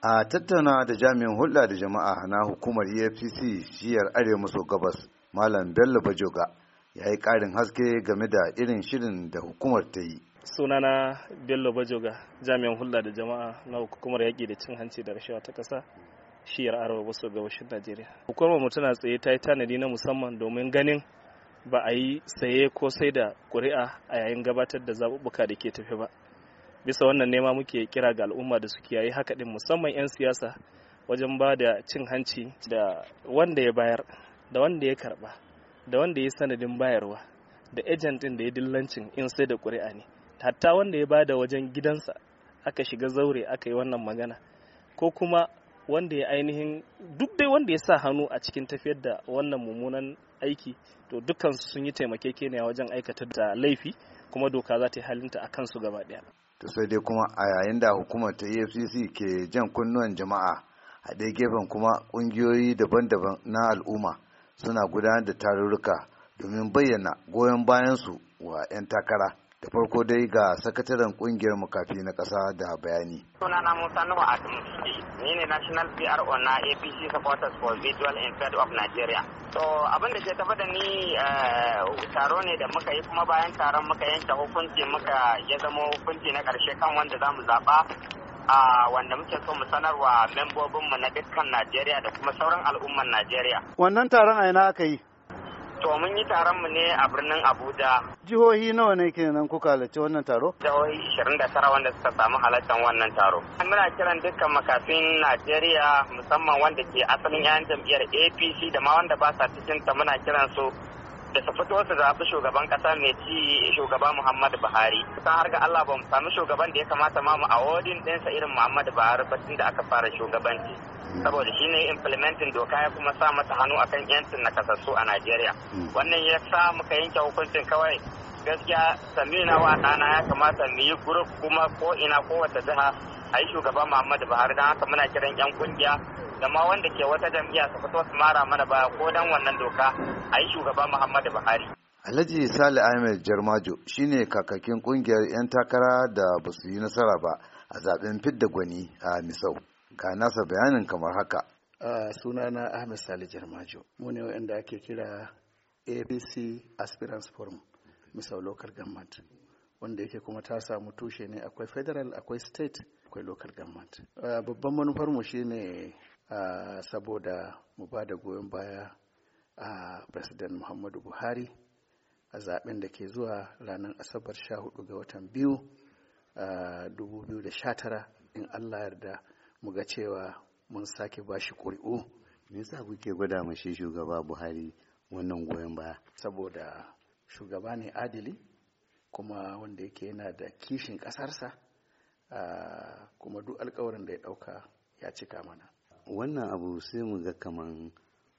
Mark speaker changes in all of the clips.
Speaker 1: a tattauna da jami'in hulɗa da jama'a na hukumar efcc shiyar arewa maso gabas malam bello bajoga ya yi ƙarin haske game da irin shirin da hukumar ta
Speaker 2: yi sunana bello bajoga jami'in hulɗa da jama'a na hukumar yaƙi da cin hanci da rashawa ta ƙasa shiyar arewa maso gabashin najeriya hukumar mu tana tsaye ta yi tanadi na musamman domin ganin ba a yi saye ko sai da ƙuri'a a yayin gabatar da zaɓuɓɓuka da ke tafi ba bisa wannan nema muke kira ga al'umma da su kiyaye haka din musamman 'yan siyasa wajen ba da cin hanci da wanda ya bayar da wanda ya karba da wanda ya sanadin bayarwa da agent din da ya dillancin in sai da ƙuri'a ne hatta wanda ya ba da wajen gidansa aka shiga zaure aka yi wannan magana ko kuma wanda ya ainihin duk dai wanda ya sa hannu a cikin tafiyar da wannan mummunan aiki to dukkansu sun yi taimakekeniya wajen aikata da laifi kuma doka za ta yi halinta a kansu gaba ɗaya.
Speaker 1: ta sai dai kuma a yayin da hukumar ta efcc ke jan kunnuwan jama'a a ɗaya gefen kuma ƙungiyoyi daban-daban na al'umma suna gudanar da tarurruka domin bayyana goyon bayansu wa 'yan takara da farko dai ga sakataren kungiyar makafi na kasa da bayani.
Speaker 3: na musa nuhu a ni ne national pro na apc supporters for visual impaired of nigeria to abin da ke tafi da ni eh, taro ne da muka yi kuma bayan taron muka yanke hukunci muka ya zama hukunci na karshe kan wanda za mu zaɓa a wanda muke so mu sanarwa membobinmu na dukkan najeriya da kuma sauran al'umman najeriya
Speaker 1: wannan taron a ina aka yi
Speaker 3: To mun yi taron mu ne a birnin Abuja.
Speaker 1: Jihohi nawa ne kenan kuka halarci
Speaker 3: wannan taro? Jihohi 29 wanda suka samu halartar wannan taro. Muna kiran dukkan makafin Najeriya musamman wanda ke asalin 'yan jam'iyyar APC da ma wanda ba sa cikin ta muna kiran su da ta fito su zaɓi shugaban ƙasa mai ci shugaba Muhammadu Buhari. Kusan har ga Allah ba mu sami shugaban da ya kamata ma mu a awodin ɗinsa irin Muhammadu Buhari ba tun da aka fara shugabanci. Saboda shi ne implementing doka ya kuma sa masa hannu akan yancin kasassu a Najeriya. Hmm. Wannan ya sa muka yanke hukuncin kawai gaskiya samina wa ɗana ya kamata mu yi gurup kuma ko ina kowace jiha a yi shugaban Muhammadu Buhari don haka muna kiran 'yan kungiya da wanda ke wata jam'iyya su fito su mara mana baya ko dan wannan doka a yi shugaba Muhammadu Buhari.
Speaker 1: Alhaji Sale Ahmed Jarmajo shine kakakin kungiyar 'yan takara da ba su yi nasara ba a zaɓen fidda gwani a Misau. Ga nasa bayanin kamar haka.
Speaker 4: Suna sunana Ahmed Sale Jarmajo, mu ne wanda ake kira APC Aspirants Forum, Misau Local Government. wanda yake kuma ta samu tushe ne akwai federal akwai state akwai local government uh, babban manufar mu shine uh, saboda mu ba da goyon baya a uh, president muhammadu buhari a zaben da ke zuwa ranar asabar 14 ga watan biyu 2019 in allah yarda mu ga cewa mun sake bashi ƙuri'u me yasa kuke gwada mashi shugaba buhari wannan goyon baya saboda shugaba ne adili kuma wanda yake yana da kishin ƙasarsa kuma duk alkawarin da ya ɗauka ya cika mana
Speaker 1: wannan abu sai mu ga kaman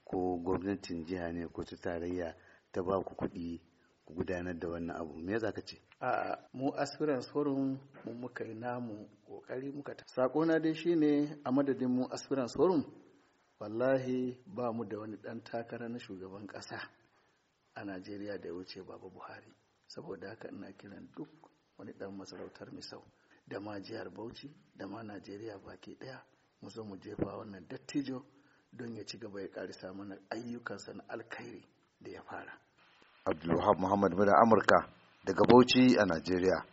Speaker 1: ko gwamnatin jiha ne ko ta tarayya ta ba ku kuɗi ku gudanar da wannan abu me za ka ce
Speaker 4: a mu aspirants forum mun muka yi namu kokari muka ta sako na dai shine a madadin mu aspirants forum wallahi ba mu da wani ɗan takara na shugaban ƙasa a najeriya da ya wuce baba buhari saboda haka ina kiran duk wani dan masarautar misau da ma jihar bauchi da ma najeriya baki daya mu zo mu jefa wannan dattijo don ya ci gaba ya karisa mana ayyukansa na alkhairi da ya fara
Speaker 1: abdulwahab muhammad bada amurka daga bauchi a najeriya